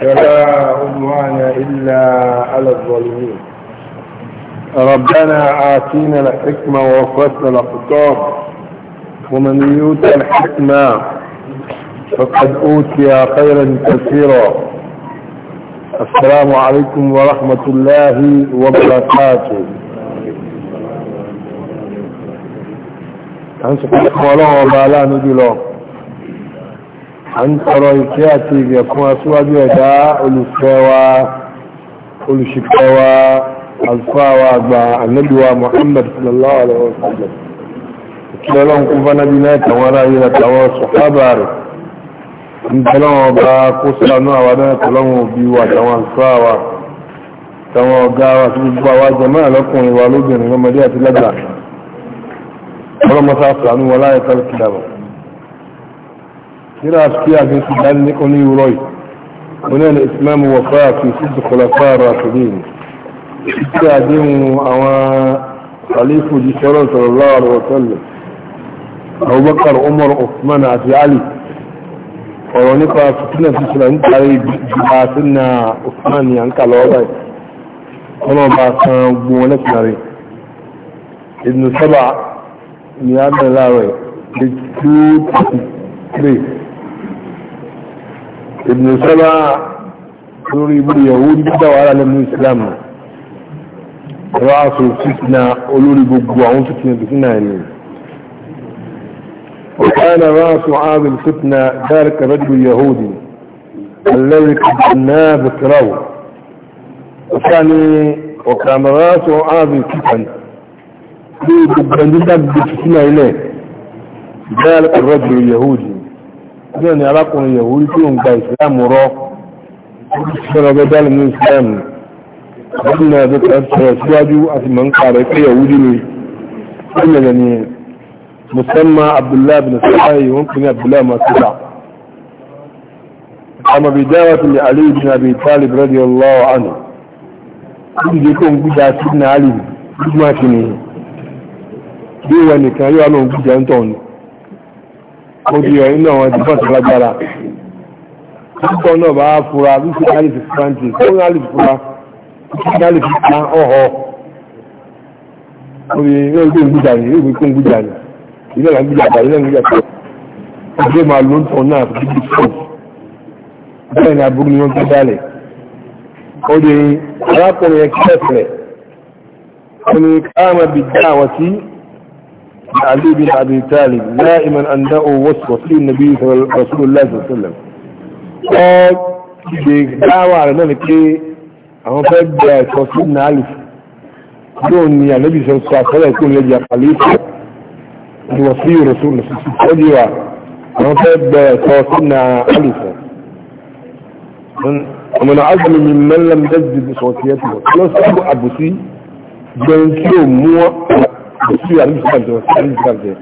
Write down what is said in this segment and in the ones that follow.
فلا عدوان إلا على الظالمين ربنا آتينا الحكمة ووفتنا الأخطار ومن يؤتى الحكمة فقد أوتي خيرا كثيرا السلام عليكم ورحمة الله وبركاته أنسى كل الله وبعلا نجي له عن طريقاتي بيكون أسواجه داء الأسواى الشكوى الفاوى النبوى محمد صلى الله عليه وسلم كلا لهم كفا نبينا كورا إلى كوا صحابة إن كلام أبا قصرنا ولا كلام بيوا كوا الفاوى كوا قاوة بيوا وجماع لكم والوجن ومديات لدى ولما سأصلعنوا ولا يتلك لهم هنا أشكيها جنس بأن أني وراي هنا الإسلام وفاة في ست خلفاء الراشدين أشكيها جنس أوان خليفة جسر صلى الله عليه وسلم أبو بكر عمر عثمان عتي علي ورونيقا فتنة في سلام تاري باسنا عثمان ينكا لوضعي ọlọ́run bá san gbogbo wọn lẹ́sìn rẹ̀ ìdùnnú sábà ni a bẹ̀rẹ̀ ابن سبع سوري بن يهود بدا وعلى لمن الاسلام رعصوا فتنة قلولي بقوعون فتنة فتنة يعني وكان رأس عاد الفتنة ذلك الرجل اليهودي الذي كنا بكره وكان وكان رأس عاد الفتنة في بندق بفتنة إليه ذلك الرجل اليهودي bẹ́ẹ̀ ni arákùnrin yẹ̀wò rí tí ó ń gba ìsìlámù rọ́ ṣọ́rọ̀ bẹ́ dálì ní ìsìlámù ọdún náà bẹ́ tẹ́ sọ̀rọ̀ síwájú àti mọ̀ ń pa rẹ̀ pé yẹ̀wò rí ni ẹ̀mẹ̀rẹ̀ ni musamman abdullahi bin sa'ayi wọn kò ní abdullahi masuka amma bi dawa tuli ali bin abi talib radiyallahu anhu kun je ko guda sidna ali kuma kini bi wani kan yi wa mun guda ton ó di ẹ̀ nínú àwọn ìdìbò tó lágbára púpọ̀ náà bá fura wípé alice francis ó ní alice fura wípé alice fura ọ̀họ̀ ó yẹ ilé ìgbé ìgbújà ni ilé ìgbé kó ìgbújà ni ilé ìgbà ìgbújà àgbà ilé ìgbújà tó ìgbé máa ló ń tọ̀ náà fi bí fún bẹ́ẹ̀ ni aburú ni wọ́n gbé dálẹ̀ ó di arákùnrin yẹn kí ẹ̀fẹ̀ ó ní káàmà bìí àwọn sí علي بن ابي طالب دائما ان دعوا وصف في النبي صلى الله عليه وسلم رسول الله صلى الله عليه وسلم دعوا على ذلك اهو فجاء توصلنا الف دون يا نبي صلى الله عليه وسلم يكون لدي خليفة يوصي رسول الله صلى الله عليه وسلم اهو فجاء توصلنا الف ومن عزم من من لم يجد بصوتيته لو سأبو أبو سي جنسيو موا sí àríjìkàjọ sí àríjìkàjọ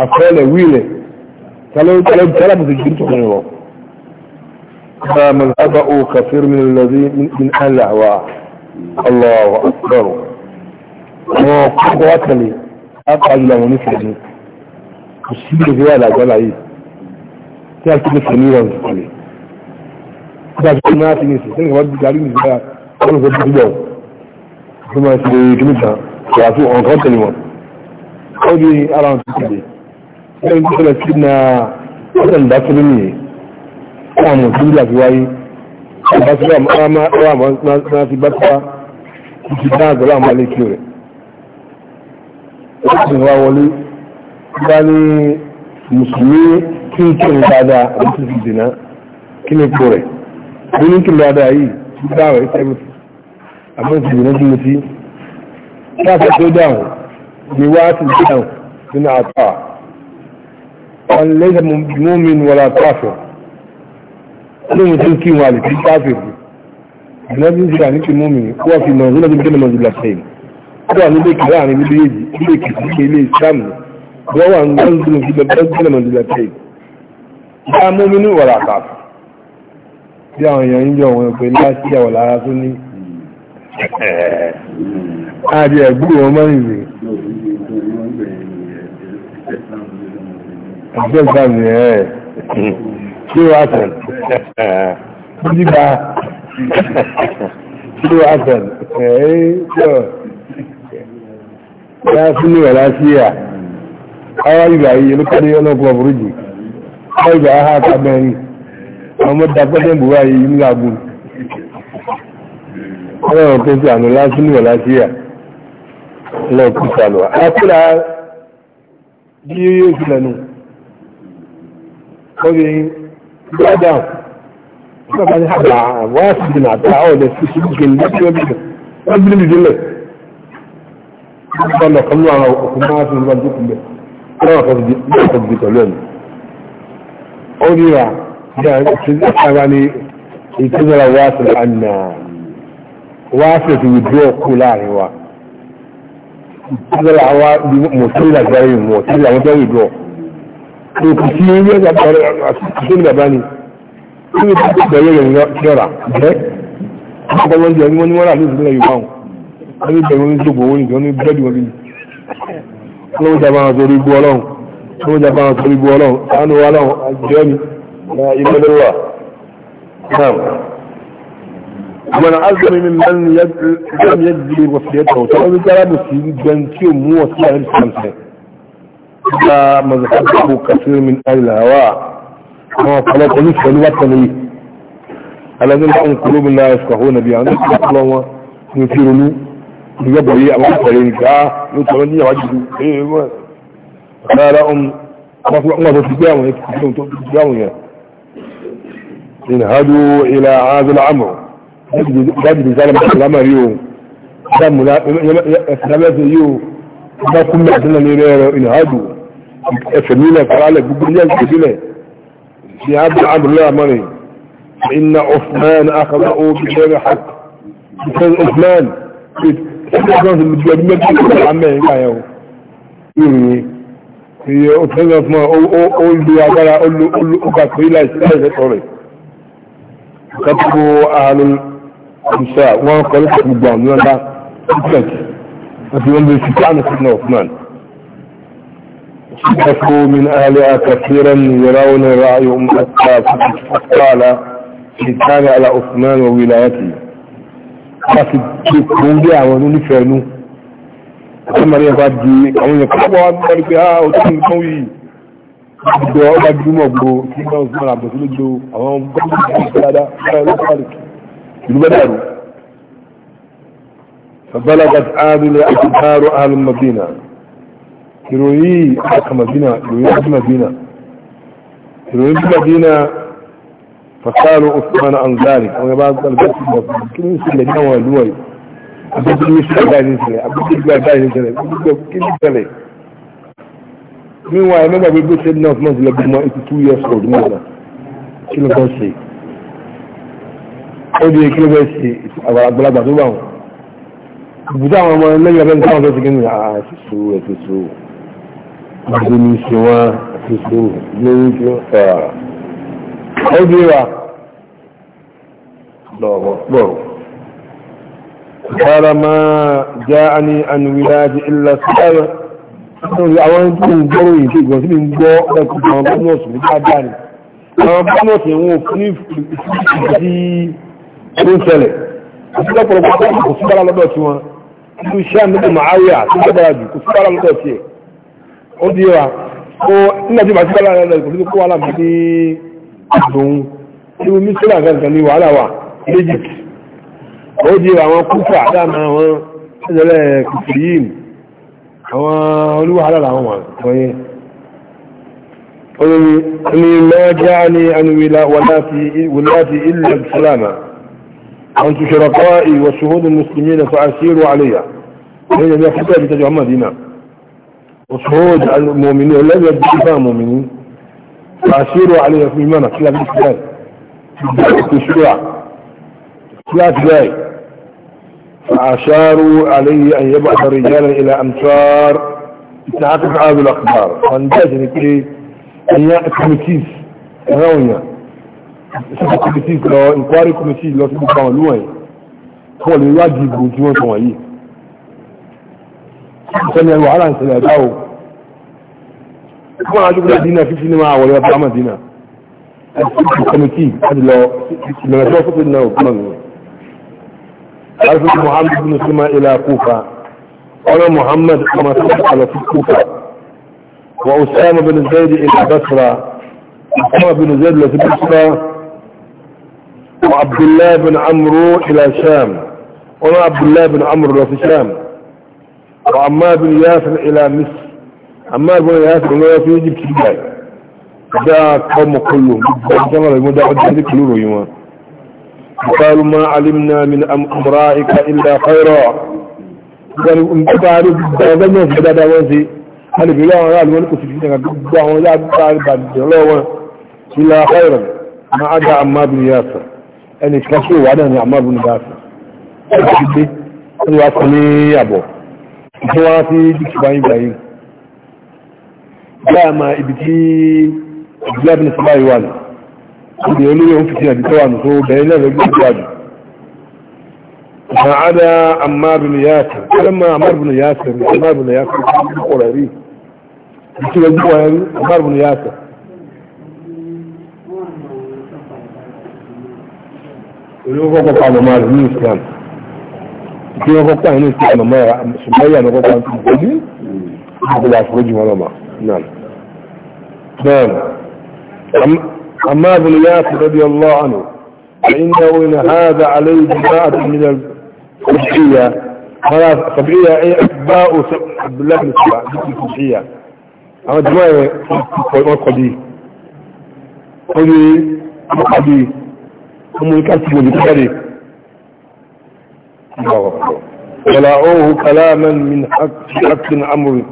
àfẹ́lẹ̀ wílẹ̀ tálàbùsù jù tó fún ìwọ̀ ma man haɗa o kafir min lalazi min alawa allahu akbar wọn kọ́kọ́ wá tẹ̀lé àpàjùlọ àwọn onífẹ̀ẹ́ni kò sí ìgbésẹ̀ wà lágbà láyé tí a ti lè fẹ̀mí wọn tẹ̀lé kí a ti máa fi ní ìsìn sẹ́yìn kan kawai a ran su ne ɗan kusurla su na wasan da su ne kuma mutum da su wayi ba su ba ma na su ba su ba su ta gaba ma ne kyau ne wasu ba wani ba ne musulmi kin kin lada a wasu su dina kin kore kin kin lada yi su dawa ita yi mutu amma su dina su mutu ta sa ko dawo نوات الجنة من عطاء قال ليس مؤمن ولا كافر قالوا متلكي والك كافر النبي يعني في مؤمن هو في منزلة بين منزلتين هو من ذيك يعني من بيجي ذيك إليه الشام هو أن ينزل في بين منزلتين لا مؤمن ولا كافر يعني يعني يوم يقول لا شيء ولا رسول آدي أقول وما يزيد ọjọ́ ìgbàmì ẹ̀ kí wá sẹ̀n nígbà kí wá sẹ̀n ẹ̀ẹ́jọ́ ya fún ní ọ̀lá sí à ara ìgbà yìí olókàdé ọlọ́pọ̀ burújì ọ ìgbà ha tàbẹ̀rin ọmọ dapẹ́tẹ̀ ọlọ́run tó sí àmì lásìlú ọ̀lá sí à lọ́kùsàlọ́ bí yóò fi lẹ́nu ó rí gbádà nígbàtà ní àgbà àwọn àṣìṣe náà àti àwọn ọ̀dẹ̀ fífi gbìn lọ́sí ọ̀bí wọ́n bí níbi délẹ̀ nígbà náà kan ní àwọn òkú máa fi nígbà tó kúlẹ̀ náà kan ti kan ti pẹ̀lú ẹ̀nu ó rí ra bí àwọn òṣèlú àgbà ní ìtúbọ̀lá wáṣẹ̀ àná wáṣẹ̀ ti withdraw kú láàrin wa lọ́la àwa mọ̀tí làgbáyé mọ̀tí làwọn tó ń wìdọ̀ òkú sí ilé ẹgbẹ́ àbẹ̀rẹ̀ àtúntò bàbá ni ó ní bá bẹ̀rẹ̀ rẹ̀ yọ̀rà bẹ́ ọkọ̀ wọn jẹ́ wọn ni wọ́n rà ní ìpínlẹ̀ Yorùbá wọn wọ́n ní bẹ̀rẹ̀ wọn ní gbogbo owó nìkan ní bẹ́ẹ̀dì wọn bíi ọlọ́run jàpá àwọn torí gbó ọlọ́run من عزم ممن لم يجزي وصيته تقول ترى مسيدي جنتي مو وصيه الخمسه إذا مزحته كثير من أهل الهواء كما قالت ونفس الوطني الذين هم قلوب إيه، لا يفقهون بها نفس الله يثير له يبقى لي أبو حتى ينكا يتولي وجده قال أم رفع الله تتجاوه يكتبون تتجاوه ينهدوا إلى هذا العمر dájìdì zálàmà ìsìlámàrí o dámùlá ìsìlámàrí yóò bá kún mẹ́ àdínà ní rẹ̀rọ ìnáhàdù ẹ̀fẹ̀mílẹ̀ faralẹ̀ gbogbo ní ẹ̀sìlẹ̀ sí àbúrò àbúrò àmọ́rin inna osman akaba o bi bẹ̀rẹ̀ hak ìfẹ́ osman ìfẹ́ ìgbẹ̀gbẹ̀ ìgbẹ̀gbẹ̀ ìgbẹ̀gbẹ̀ musa wọn kọ ló fún gbogbo àwọn ọlọ́dá secret àti wọn bẹ sika àná fún ọkùnrin سكفوا من أهلها كثيرا يرون رأي أمتها فقال كان على عثمان وولايته قصد تكون بها ونوني فانو كما يفادي أمين يقول أبو بها وتكون قوي أبو بها أبو بها أبو بها أبو بها أبو بها أبو بها أبو بها المدار فبلغت عادل أخبار أهل المدينة يروي أخ مدينة يروي أخ مدينة يروي أخ مدينة فقالوا عثمان عن ذلك وأنا بعد ذلك كم يسأل لنا والوي أبدا يسأل لا يسأل أبدا لا يسأل أبدا كل يسأل من وين أنا بقول سيدنا عثمان لبما إتتوي يسعود ماذا كل ما سيد ó di kí ló fẹ́ ṣe àgbàlagbà tó bá wọn ìbùdó àwọn ọmọ lẹ́yìn abẹ́ni táwọn fẹ́ ṣe kí ní àṣìṣò ẹ̀ṣìṣò gbogbo ní ṣe wọn àṣìṣò lórí kí ó di wa lọ́wọ́ pọ̀ قال ما جاءني عن ولاد إلا سؤال àwọn tó ń gbọ́rọ̀ yìí tí ìgbọ̀n sí ní gbọ́ ẹkùn àwọn bọ́nọ̀sì ní dáadáa ni àwọn bọ́nọ̀sì ìwọ̀n fún ní ìfúnṣẹ́ sí tó ń ṣẹlẹ̀ àti lọ́pọ̀lọpọ̀ àkókò kò síbára lọ́dọ̀ tí wọn nínú iṣẹ́ àmì màáwíà tó lágbára jù kò síbára lọ́dọ̀ tí ẹ̀ ó di wa kó nígbà tí màá síbára lọ́dọ̀ kò sí kó wàhálà mi ní àdùn nínú mísírà gangan ní wàhálà wa egypt ó di àwọn kúfà dáná àwọn ẹ̀jẹ̀lẹ̀ kìfìyìn àwọn olúwàhálà làwọn wà wọ́nyẹn قل لي ما جاءني عن ولاتي إلا بسلامة أنت شركائي وشهود المسلمين فأسيروا عليها هي الكتاب كتاب تجمع دينا وشهود المؤمنين لم يدفع مؤمنين فأسيروا عليها في المنى كلا في الكتاب في الشرع كلا في فأشاروا عليه أن يبعث رجالا إلى أمصار تعاقب هذه الأخبار فاندازني كي أن يأتي مكيس أنا وياه ìṣẹ́jú committee lọ inquiry committee lọ sí gbogbo àwọn olúwọ̀n yìí wọ́n lè wádìí tí wọ́n sọ wọ̀nyí ìṣẹ́ni ẹ̀rọ wàhálà ìṣẹ̀lẹ̀ ẹ̀dá o wọ́n ajú dínà fífi ní máa wọlé ọba àmà dínà ẹ̀sìn committee láti lọ ìlọ̀rẹ̀ tó fún ìlànà òkúnà mi alfred muhammad bin sima ila kufa ọlọ muhammad ọmọ sọ́kà alọ́fí kufa wa usama bin zaid ila basra usama bin zaid lọ sí basra وعبد الله بن عمرو إلى شام وما عبد الله بن عمرو في شام وعمار بن ياسر إلى مصر عمار بن ياسر إلى في يجب تجاي جاء قوم كلهم جمع المدعو الجهد كلهم يمان قالوا ما علمنا من أمرائك إلا خيرا قالوا انتبع عليك بغضنا في بدادا وانسي هل بلا وغال ولك سبحانك قبضا ولا بلا بلا بلا خيرا ما عدا عمار بن ياسر ẹni tí wọ́n kí ìwádà ní àmọ́bù ní báàsì ẹ̀ka ti dé ẹni wá fún ní àbọ̀ ìfún wá sí dìkìbá yìí gbà yìí bí a máa ibi tí ìdílé abínú sábà yìí wà ní ibi olóyè ń fìtí àbí tó wà ní tó bẹ̀rẹ̀ lẹ́rẹ̀ gbé ìgbà jù فعدا عمار بن ياسر فلما عمار بن ياسر عمار بن ياسر قرري نعم بن ياس رضي الله عنه فانه ان هذا عليه جماعة من الصبحية الفجيه صبحية اي اتباع عبد الله بن سبع في الفجيه اما دماء قلبي قلبي ومنكسب بالكذب ولاؤوه كلاما من حق حق امر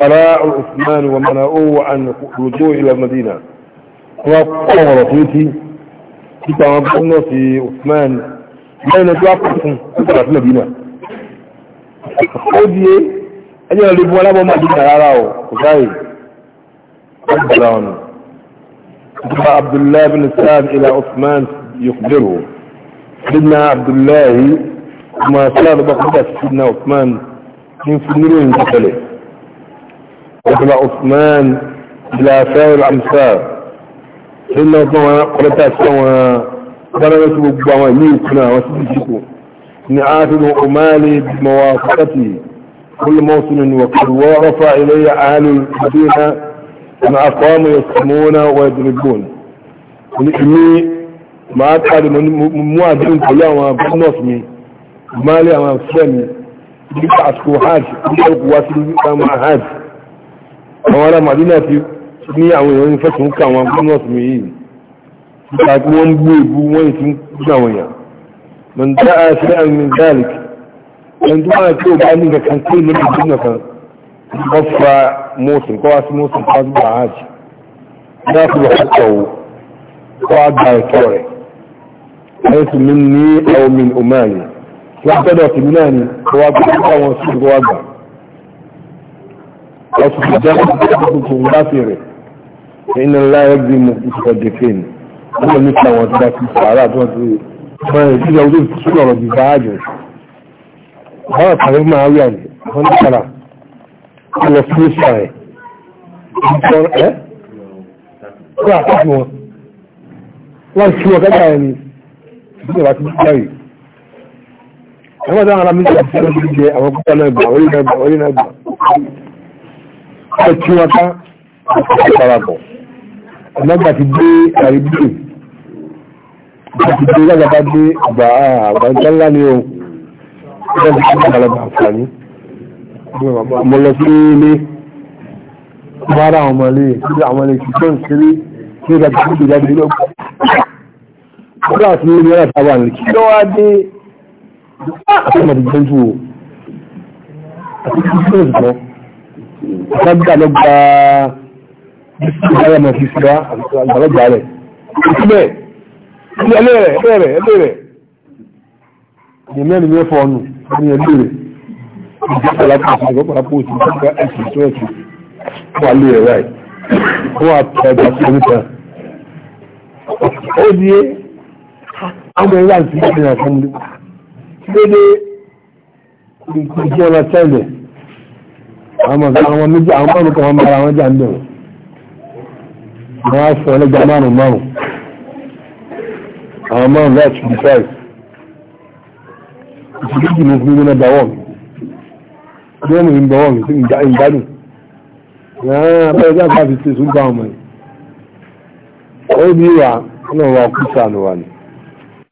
براء عثمان ومنعوه عن الرجوع الى المدينه وقال رسولتي كتاب في عثمان لا نتوقف في المدينه لي اجل اللي بولا ما مدينه راو زي عبد الله بن سعد الى عثمان يخبره سيدنا عبد الله ما صار بقدس سيدنا عثمان من فنرين قتله قتل عثمان إلى سائر الأمثال سيدنا عثمان قلتا سوا درجة ربما يوكنا وسبسكو نعاتل أمالي بموافقتي كل موسم وقد ورفع إلي أهل المدينة أن أقاموا يسمون ويضربون لإني máa tàbí mú àdéhùn pẹ̀lú àwọn gómìnà mi máàlé àwọn fẹ́ mi nípa àsìkò hajj nípa òkú wá sí àwọn hajj àwọn ará Madina ti ní àwọn èèyàn fẹ́sùn ká àwọn gómìnà mi yìí nípa kí wọ́n gbé ìbú wọ́n ti ń gbé àwọn èèyàn من دعا شيئا من ذلك من دعا كيو بأنك كان كل من الجنة غفى موسم قواس موسم قواس بها hajj داخل حقه وعدها الكوري ẹ̀sùn mi ní àwọn min umayi wọ́n tọ́dọ̀ tìmí náà ni wọ́n gbà àwọn sùn wọ́n gbà wọ́n sì jẹ́ tuntun láti rẹ̀ iná láyé bí mo fi sọ dèké ni wọ́n lọ nípa àwọn tó bá ti sàárà tó ìjọba ti dúpọ̀ yìí àwọn ọ̀dọ́ ara mi ti àti ẹ̀rọ ti jẹ àwọn púpọ̀ náà gbà orí náà gbà orí náà gbà ẹ̀ tí wọn ká àti parapọ̀ ọ̀nàgbà ti dé àrídìrì àti dé lágbàtà dé àgbà àgbà ńlá ni o ẹ̀rọ ti ṣe àgbàlagbà àǹfààní mo lọ sí ilé mo ara àwọn ọmọ ọ̀rọ̀ àti ní ìrìnlẹ̀ àtàwà ní kí ló wá dé àtàmàdì jẹ́jú o àti kí ló ń sọ àtàgbà lọ́gbà ìgbàlẹ̀ mọ̀ sí àgbàlọ́gbà rẹ̀ síbẹ̀ ní ẹlẹ́rẹ̀ ẹlẹ́rẹ̀ ẹlẹ́rẹ̀ ní mẹ́rin ní ẹ̀fọ́ ọ̀nù ní ẹlẹ́rẹ̀ ìjọba alápòsí ìjọba alápòsí ìjọba ẹ̀sìn tó ẹ̀sìn wà lé ẹ̀ ráì wọ́n á tọ́ sí oníta àwọn ìwà tí wọ́n yàn fún mi dédé ìjọba tẹ́lẹ̀ àwọn àwọn méjì àwọn márùn kan wọn bára wọn jà ń bẹ̀rẹ̀ wọ́n á sọ ẹlẹ́gbà márùn márùn àwọn márùn láti bí fẹ́ẹ̀ ìṣèlú jìnnà fún mi náà dáwọ́ mi ọdún mi ń bọ̀wọ̀ mi sí ìgbádùn ẹ̀ẹ́n abẹ́rẹ́ jáde láti ṣe sùn bá ọmọ yìí ó bí wà ọlọ́run wa kú sànù wà ní